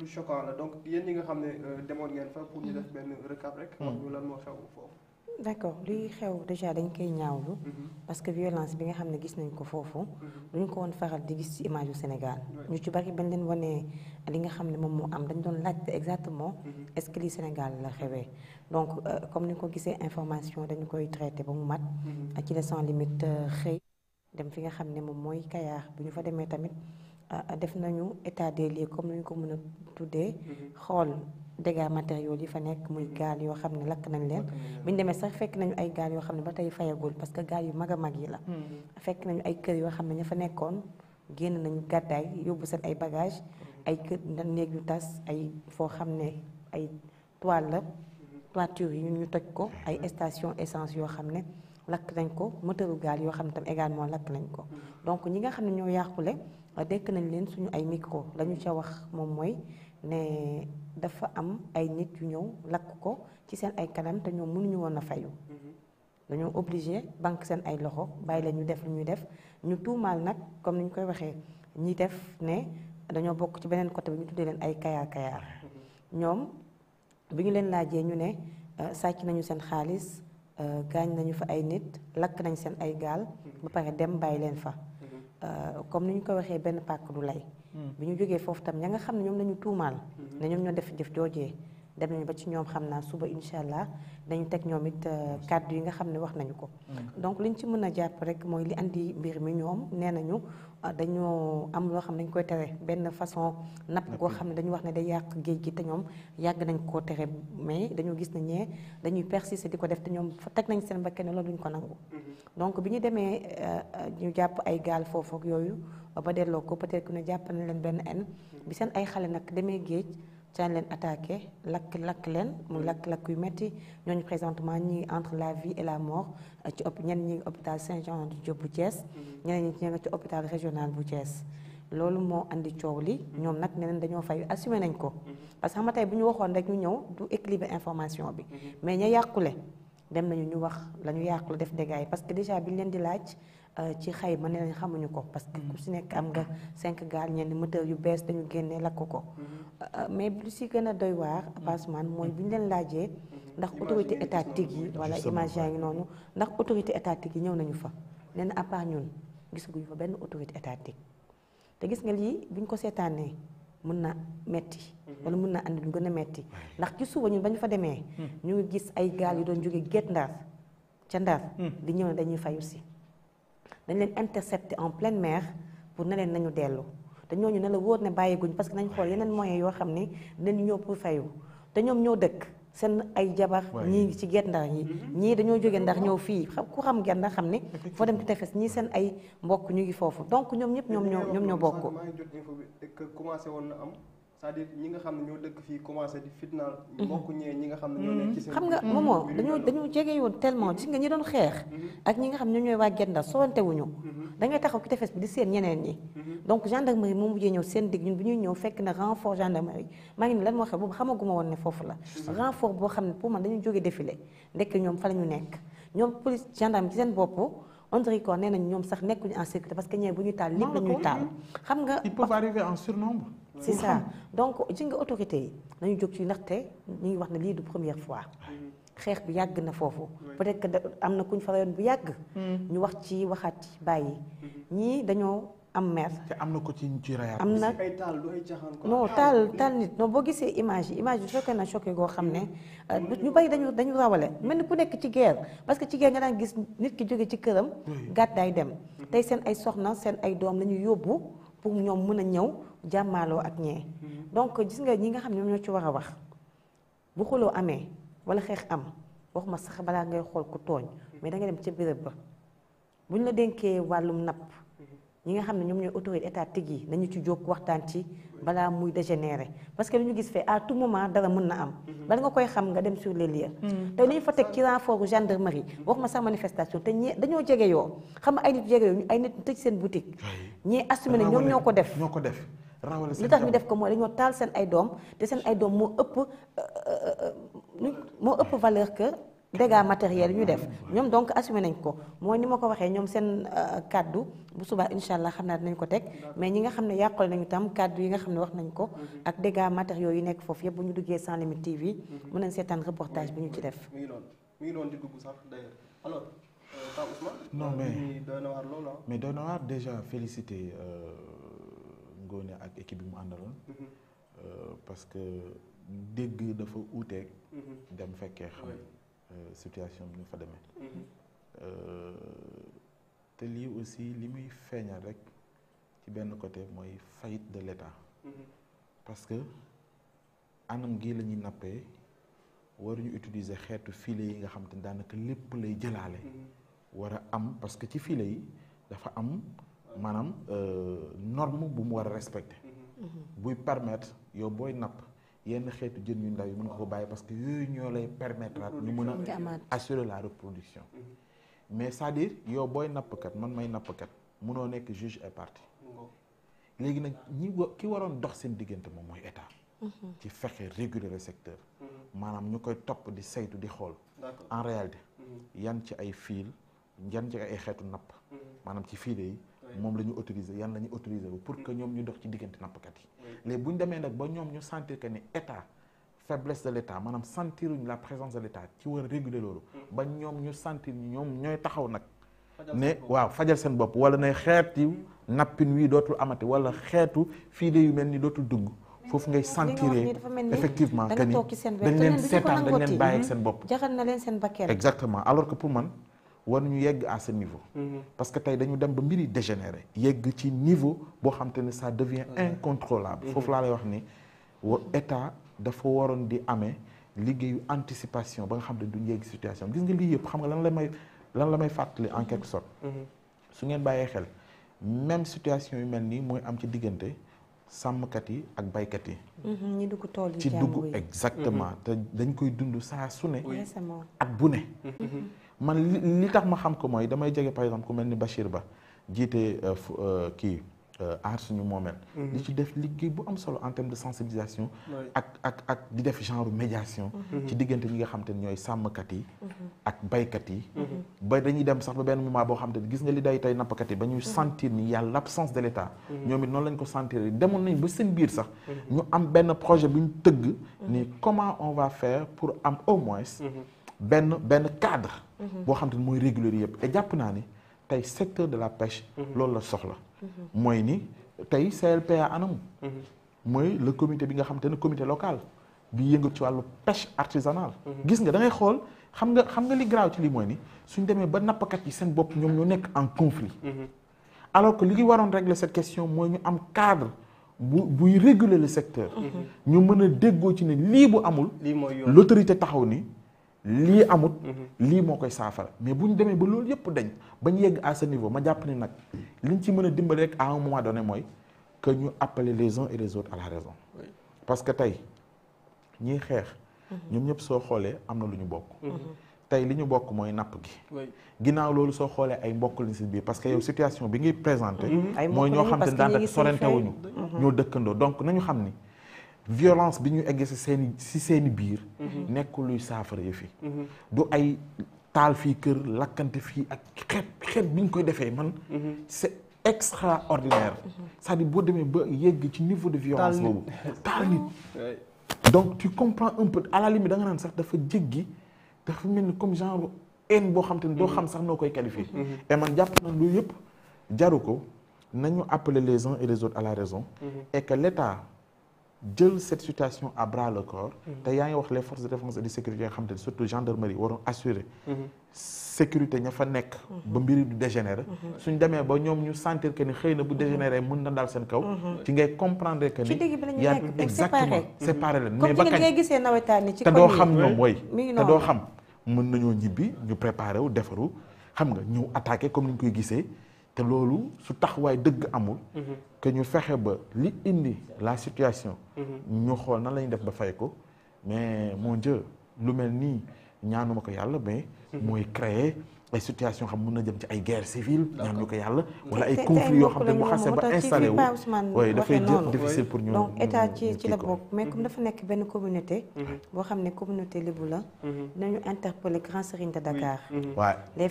lu choquant donc yéen ñi nga xam ne euh, demoon ngeen fa pour ñu mm-hmm. def benn recap rek. wax mm-hmm. ñu lan moo xew foofu. d' accord luy xew déjà dañ koy ñaawlu. Mm-hmm. parce que violence bi nga xam ne gis nañ ko foofu. duñ ko woon faral di gis ci image yu Sénégal. ñu ci bari bañ leen wanee li nga xam ne moom moo am dañ doon laajte exactement. est ce que lii Sénégal la xewee. donc euh, comme ni ko gisee information dañu koy traité ba mu mat. ak ci la sans limite euh, xëy dem fi nga xam ne moom mooy Kayar bu ñu fa demee tamit. def nañu état des lieux comme ni ñu ko mën a tuddee mm-hmm. xool dégâts matériaux yi fa nekk muy mm-hmm. gaal yoo xam ne lakk nañ leen bi ñu demee sax fekk nañu ay gaal yoo xam ne ba tey fayagul parce que gaal yu mag a mag yi la mm-hmm. fekk nañu ay kër yoo xam ne ña fa nekkoon génn nañu gàddaay yóbbu seen ay bagage ay kër néeg yu tas ay foo xam ne ay toile la toiture yi ñun ñu toj ko ay station essence yoo xam ne lakk nañ ko moteuru gaal yoo xam ne tam également lakk nañ ko donc ñi nga xam ne ñoo yàqule dekk nañ leen suñu ay micro lañu ca wax moom mooy ne dafa am ay nit yu ñëw lakk ko ci seen ay kanam te ñoom mënuñu woon a fayu mm-hmm. dañoo obligé banque seen ay loxo bàyyi leen ñu def ñuy def ñu tuumaal nag comme ni ñu koy waxee ñi def ne dañoo bokk ci beneen côté bi ñu tuddee leen ay kayaar kayaar mm-hmm. ñoom bi ñu leen laajee ñu ne euh, sàcc nañu seen xaalis euh, gaañ nañu fa ay nit lakk nañ seen ay gaal mm-hmm. ba pare dem bàyyi leen fa Euh, comme ni ñu ko waxee benn pàkk du lay. Hmm. bu ñu jógee foofu tam ña nga xam ne ñoom la ñu tuumaal. ne ñoom ñoo def jëf joojee dem nañ ba ci ñoom xam naa suba incha allah dañu teg ñoom it euh, kaddu yi nga xam ne wax nañu ko. Mm. donc ñu ci mën a jàpp rek mooy li indi mbir mi ñoom nee ñu euh, dañoo am loo xam ne dañu koy tere benn façon napp goo mm. xam ne dañu wax ne day yàq géej gi te ñoom yàgg nañ ko tere mais dañoo gis ne ñee dañuy persister di ko def te ñoom fa teg nañ seen bakkan loolu duñ ko nangu. Mm-hmm. donc bi ñu demee euh, ñu jàpp ay gaal foofu ak yooyu ba delloo ko peut-être que ne jàpp nañ leen benn en mm. bi seen ay xale nag demee géej. ca caan leen attaqué lakk-lakk leen mu lakk-lakk yu métti ñooñu présentement ñi ngi entre la vie et la mort euh, ci op ñenn ñi ngi hôpital Saint-Jean de Diop bu Thiès ñeneen ñi ña nga ci hôpital régional bu Thiès loolu moo indi coow li ñoom nag neneen dañoo fay assumé nañ ko mhm. parce que xam bu ñu waxoon rek ñu ñëw du équilibre information bi mhm. mais ña yàqule dem nañu ñu wax lañu yàqul def dégâts yi parce que déjà bi ñu leen di laaj euh, ci xayma ne lañ xamuñu ko parce que ku si nekk am nga cinq gaal ñenn moteur yu bees dañu génne lakk ko euh, mais lu si gën a doy waar Passemane mooy bi ñu leen laajee ndax autorité étatique yi wala image yaa ngi noonu ndax autorité étatique yi ñëw nañu fa nee na à part ñun gisaguñu fa benn autorité étatique te gis nga lii bi ñu ko seetaanee mun na metti mhm. wala mën na andi lu gën a metti ndax ci suba ñun ba ñu fa demee hmm. ñu ngi gis ay gaal yu doon jóge Guet Ndar ca Ndar hmm. di ñëw ne dañuy fayu si dañ leen intercepté en pleine mer pour ne leen nañu dellu te ñu ne la wóor ne bàyyi guñ parce que nañ xool yeneen moyens yoo xam ne dinañ ñëw pour fayu te ñoom ñoo dëkk seen ay jabar ñii ngi ci Guet Ndar mm-hmm. ñii dañoo jógee ndax ñëw fii xam ku xam Guet Ndar xam ni foo dem ci tefes ñii seen ay mbokk ñu ngi foofu donc ñoom ñëpp ñoom ñoo ñoom ñoo bokk commencé woon na am cest à nga xam ne ñoo dëkk fii commencé di fitnaal mbokk mm-hmm. ñee ñi nga xam ne mm-hmm. xam nga moomoo dañoo dañoo jege yoon telement ci nga ñi doon xeex ak ñi nga xam ne ñooy waa Guet Ndar sowante wuñu da taxaw ki tefes bi di seen ñeneen ñi mm-hmm. donc gendarmerie moom mujjee ñëw seen digg ñun bu ñuy ñëw fekk na renfort gendarmerie maa ngi ne lan moo xew boobu xamaguma woon ne foofu la renfort boo xam ne pour man dañu jógee défilé ndekk ñoom fa la ñu nekk ñoom police gendarme ci seen bopp on dirait que nee nañ ñoom sax nekkuñu en sécurité parce que ñee bu ñuy taal lépp la ñuy taal xam nga ils peuvent arriver en surnombre c'est ça donc ji nga autorité yi nañu jóg ci ndaxte ñu ngi wax ne lii du première fois xeex bi yàgg na foofu peut-être am na kuñ fa rayoon bu yàgg mm. ñu wax ci waxaat ci bàyyi mm-hmm. ñii dañoo am mer am na ko ci ci rayaat am na non taal taal nit non boo gisee image yi image yi choqué na choqué goo xam ne euh, mm. ñu bari dañu dañu rawale mel ni ku nekk ci guerre parce que ci guerre nga daan gis nit ki jóge ci këram gàddaay dem mm-hmm. tey seen ay soxna seen ay doom lañuy yóbbu pour ñoom mën a ñëw jàmmaaloo ak ñee mm-hmm. donc gis nga ñi nga xam ne ñoo ci war a wax bu wala xeex am waxuma sax balaa ngay xool ku tooñ mais danga dem ca béréb ba bu ñu la denkee wàllum napp ñi nga xam ne ñoom ñooy autorité étatique yi nañu ci jóg waxtaan ci balaa muy dégénérer parce que li ñu gis fee à tout moment dara mën na am bala nga koy xam nga dem sur les lieux hmm. te li ñu fa teg ci renfort gendarmerie wax ma sax manifestation te ñee dañoo jege yoo xam nga ay jege ñu ay nit tëj seen boutique ñee assumé ne ñoom ñoo ko def ñoo ko def li tax ñu def ko mooy dañoo taal seen ay doom te seen ay doom moo ëpp euh, euh, euh, moo ëpp valeur que dégâts matériels yi ñu def ñoom donc assumé nañ ko mooy ni ma ko waxee ñoom seen euh, kàddu bu subaa incha allah xam naa dinañ ko teg mais ñi nga xam ne yàqal nañu tam kàddu yi nga xam ne wax nañ ko ak dégâts matériaux yu nekk foofu yëpp bu ñu duggee sans limite TV mu nañ seetaan reportage bu ñu ci def. mi ngi noonu di dugg sax d'ailleurs alors euh, Pape Ousmane. non mais doy ah. déjà félicité euh, Ngoné ak équipe bi mu àndaloon. Mm-hmm. parce que. dégg dafa uuteeg. Mhm. dem fekkee xam euh, situation bi ñu fa demee. Mhm. Euh, te lii aussi li muy feeñal rek ci benn côté mooy faillite de l'État. Mhm. parce que anam gii lañuy ñuy nappee waruñu utiliser xeetu filet yi nga xam te daanaka lépp lay jëlaale. war a am parce que ci filet yi dafa am maanaam euh, norme bu mu war a respecter. buy permettre yow booy napp. yenn xeetu jën yu ndaw yi mën nga ko bàyyi parce que yooyu ñoo lay permettre ñu mën a assurer la reproduction mm-hmm. mais cest à yow booy nappkat man may nappkat mënoo nekk juge et partie léegi nag ñi ki waroon dox seen diggante moom mooy état mm-hmm. ci fexe réguler secteur mm-hmm. maanaam ñu koy topp di saytu di xool en réalité yan ci ay fiil yan ci ay xeetu napp maanaam ci fiile yi moom la ñu autorisé yan la ñu autorisé wu pour que ñoom ñu dox ci diggante nappkat yi léegi bu ñu demee nag ba ñoom ñu sentir que ni état faiblesse de l' état maanaam sentiruñ la présence de l' ci war a réguler loolu mm. ba ñoom ñu sentir ñoom ñooy taxaw nag ne waaw fajal seen bopp wala ne xeeti mm. nappin wii dootul amati wala xeetu fii de yu mel ni dootul dugg foofu ngay sentiree effectivement que ni dañ leen seetaan dañ leen bàyyi ak mm-hmm. seen bopp jaxal na leen seen bakkeel exactement alors que pour man war ñu yegg à ce niveau. Mhm. parce que tey dañu dem ba mbir yi dégénéré. yegg ci niveau boo xam te ne ça devient incontrôlable. Mhm. foofu laa lay wax ni wa état dafa waroon di amee liggéeyu anticipation ba nga xam ne duñ yegg situation gis nga lii yëpp xam nga lan la may lan la may fàttali en mhm. quelque sorte. su ngeen bàyyee xel même situation yu mel nii mooy am ci diggante. sàmmkat yi ak baykat yi. Mm-hmm, ñi dugg tool ci dugg exactement mm-hmm. te dañ koy dund saa su ne. ak bu ne. Mm-hmm. man li tax ma xam ko mooy damay jege par exemple ku mel ni Bachir Ba jiite euh, euh, kii. Euh, aar suñu moomeel. Mhm. di ci def liggéey bu am solo en terme de sensibilisation. ak ak ak di def genre médiation. Mhm. Mhm. ci diggante ñi nga xam te ne ñooy sàmmkat yi. ak baykat yi. ba dañuy dem sax ba benn moment boo xam te ne gis nga li day tey kat yi ba ñuy sentir ni y a l'absence de l'État. ñoom it noonu lañ ko sentir demoon nañ ba seen biir sax. ñu am benn projet bu ñu tëgg. ni comment on va faire pour am au moins. benn benn cadre. boo xam te mooy régulier yëpp et jàpp naa ni tey secteur de la pêche. loolu la soxla. Mm-hmm. mooy ni tey CLPA anam mm-hmm. mooy le comité bi nga xam te ne comité local bi yëngu ci wàllu pêche artisanale mm-hmm. gis nga da xool xam nga xam nga li graaw ci li mooy ni suñ demee ba nappkat yi seen bopp ñoom ñoo nekk en conflit alors que li waroon régler cette question mooy ñu am cadre bu buy réguler le secteur ñu mën a déggoo ci ne lii bu amul l'autorité taxaw ni lii amut. Mhm. lii moo koy saafara mais bu ñu demee ba loolu yëpp dañ ba ñu yegg à ce niveau ma jàpp ni nag liñ ci mën a dimbali rek à un moment donné mooy que ñu appeler les uns et les autres la raison. parce que tey ñiy xeex. Mhm. ñoom ñëpp soo xoolee am na lu ñu bokk. Mhm. tey li ñu bokk mooy napp gi. ginnaaw loolu soo xoolee ay mbokk lañ si biir parce que yow situation bi ngay présenté. ay mooy ñoo xam te ne daanaka sorante wuñu ñoo dëkkandoo donc nañu xam ni. violence bi ñu egg si seeni si seeni biir. Mhm. nekkul luy saafara yëfi mhm. du ay taal fii kër lakkante fii ak xeet xeet bi ñu koy defee man. Mhm. c'est extraordinaire. cest à boo demee ba yegg ci niveau de violence boobu taal nit. donc tu comprends un peu à la limite naan sax dafa jéggi dafa mel ni comme genre haine boo xam te ne doo xam sax noo koy qualifier. et man jàpp na loolu yëpp jaru ko nañu appeler les uns et les autres à la raison. et que jël cette situation à bras le corps mhm. te yaa ngi wax les forces de défense et de sécurité nga xam te surtout gendarmerie waroon assurer mhm. sécurité ña fa nekk mhm. ba mbiri du dégénérer suñ demee ba ñoom ñu sentir que ni xëy na bu dégénérer mën na daal seen kaw ci ngay comprendre que ni yaa exactement séparé leen mais ba kañ te doo xam ñoom way te doo xam mën nañoo ñibbi ñu préparé wu defaru xam nga ñu attaqué comme ni ñu koy gisee te loolu su taxawaay dëgg amul. Mhm. que ñu fexe ba li indi la situation. Mhm. ñu xool nan la ñuy def ba fay ko mais moo Dieu lu mel nii ñaanuma ko yàlla mais. Mhm. mooy créer ay situation xam mun na jëm ci ay guerre civile. ñaanuñu ko yàlla wala ay conflits yoo xam ne bu xasee ba installé wu. waaye dafay difficile pour ñu. donc état ci ci la bokk mais comme dafa nekk benn communauté. boo xam ne communauté libu la. nañu interpeller Grand Serigne de Dakar. les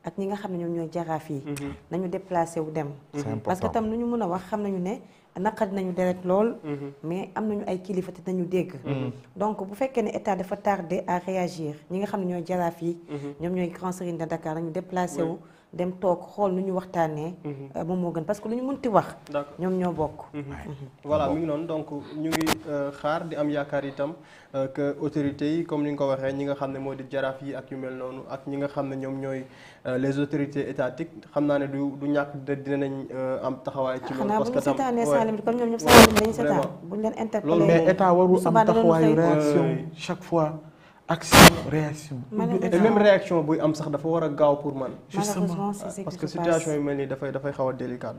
ak ñi nga xam ne ñoom ñooy jaraaf yi mhm. nañu déplacé wu dem mhm. parce que tam nu ñu mën a wax xam nañu ne naqari nañu deret lool mhm. mais am nañu ay kilifa te nañu dégg donc bu fekkee ne état dafa tardé à réagir ñi nga xam ne ñooy jaraaf yi ñoom ñooy grand serigne de Dakar nañu déplacé wu dem toog xool nu ñu waxtaanee. Mhm. moom moo gën parce que lu ñu mënti wax. ñoom ñoo bokk. Mhm. Mhm. voilà mi donc ñu ngi euh, xaar di am yaakaar itam euh, autorités yi comme ni nga ko waxee ñi nga xam ne moo di jaraaf yi ak yu mel noonu ak ñi nga xam ne ñoom ñooy euh, les autorités étatiques xam naa ne du du ñàkk de dinañ am taxawaay. ci loolu parce que tam xanaa bu ñu seetaanee Salim comme ñoom ñëpp Salim dañuy seetaan bu ñu leen interpellé. loolu mais état warul am taxawaayu réaction chaque fois. action réaction. malheureusement buy am sax dafa war a gaaw pour man. malheureusement parce que situation yu mel nii dafay dafay xaw a délicate